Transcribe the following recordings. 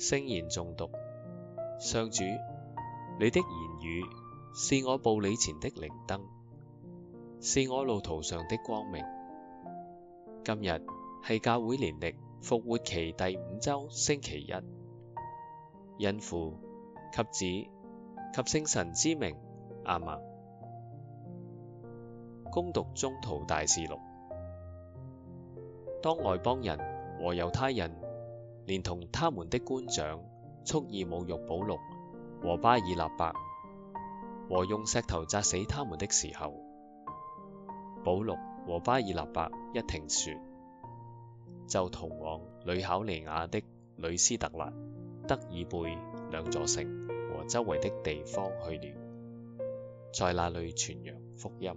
聖言誦讀，上主，你的言語是我步履前的靈燈，是我路途上的光明。今日係教會年曆復活期第五周星期一，因父及子及聖神之名，阿們，恭讀宗徒大事錄，當外邦人和猶太人。連同他們的官長，蓄意侮辱保祿和巴爾納伯，和用石頭砸死他們的時候，保祿和巴爾納伯一聽説，就逃往呂考尼雅的呂斯特辣、德爾貝兩座城和周圍的地方去了，在那裏傳揚福音。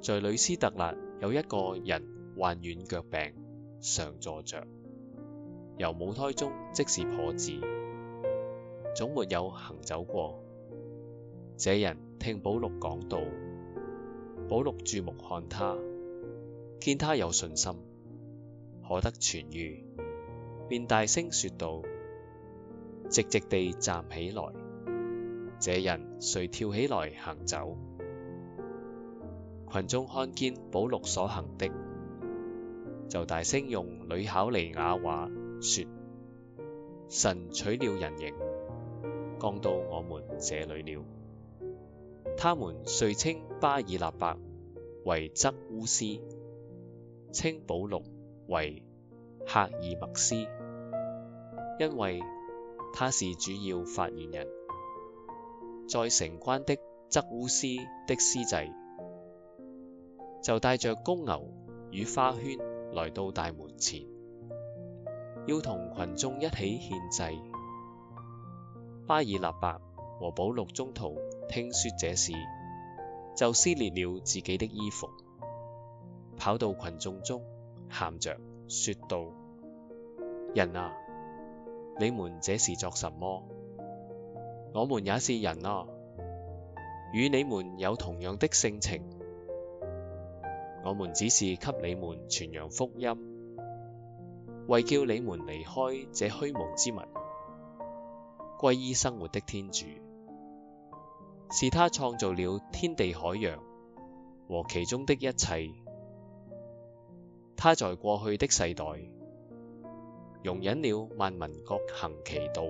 在呂斯特辣有一個人患軟腳病。常坐着，由母胎中即是跛子，總沒有行走過。這人聽保祿講道，保祿注目看他，見他有信心，可得痊癒，便大聲說道：直直地站起來。這人遂跳起來行走。群眾看見保祿所行的。就大聲用呂考尼雅話說：神取了人形，降到我們這裡了。他們遂稱巴爾納伯為則烏斯，稱保祿為赫爾默斯，因為他是主要發言人。在城關的則烏斯的司祭，就帶着公牛與花圈，來到大門前，要同群眾一起獻祭。巴爾納伯和保禄宗徒聽說這事，就撕裂了自己的衣服，跑到群眾中，喊着說道：人啊，你們這是作什麼？我們也是人啊，與你們有同樣的性情。我們只是給你們傳揚福音，為叫你們離開這虛無之物，歸依生活的天主，是他創造了天地海洋和其中的一切。他在過去的世代，容忍了萬民各行其道，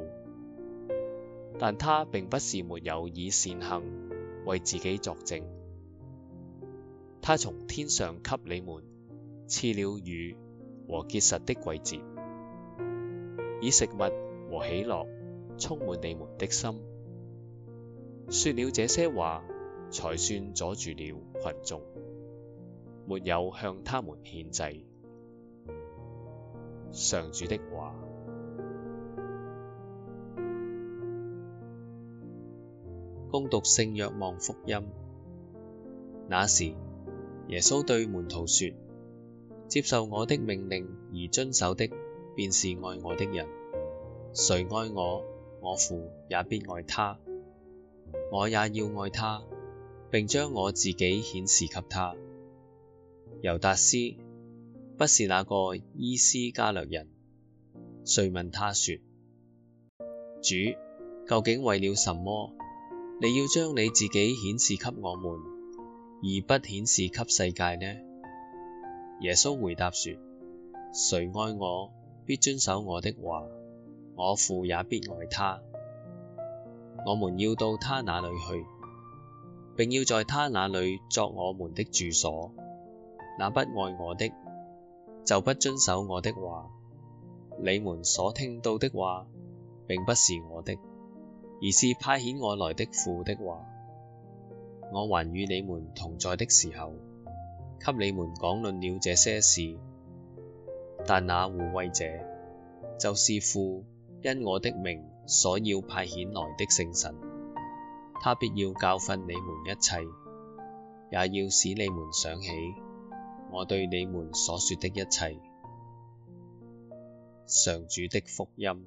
但他並不是沒有以善行為自己作證。他從天上給你們賜了雨和結實的季節，以食物和喜樂充滿你們的心。說了這些話，才算阻住了群眾，沒有向他們獻祭。上主的話。恭讀聖若望福音，那時，耶穌對門徒說：接受我的命令而遵守的，便是愛我的人。誰愛我，我父也必愛他，我也要愛他，並將我自己顯示給他。猶達斯不是那個依斯加略人，遂問他說：主，究竟為了什麼，你要將你自己顯示給我們，而不顯示給世界呢？耶穌回答說：誰愛我，必遵守我的話，我父也必愛他。我們要到他那裏去，並要在他那裏作我們的住所。那不愛我的，就不遵守我的話。你們所聽到的話，並不是我的，而是派遣我來的父的話。我還與你們同在的時候，給你們講論了這些事。但那護慰者，就是父因我的名所要派遣來的聖神，他必要教訓你們一切，也要使你們想起我對你們所說的一切。上主的福音。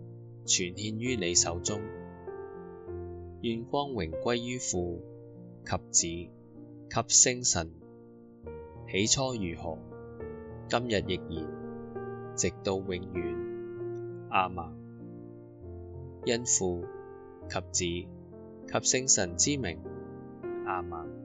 全獻於你手中，願光榮歸於父及子及聖神。起初如何，今日亦然，直到永遠。阿們，因父及子及聖神之名。阿們。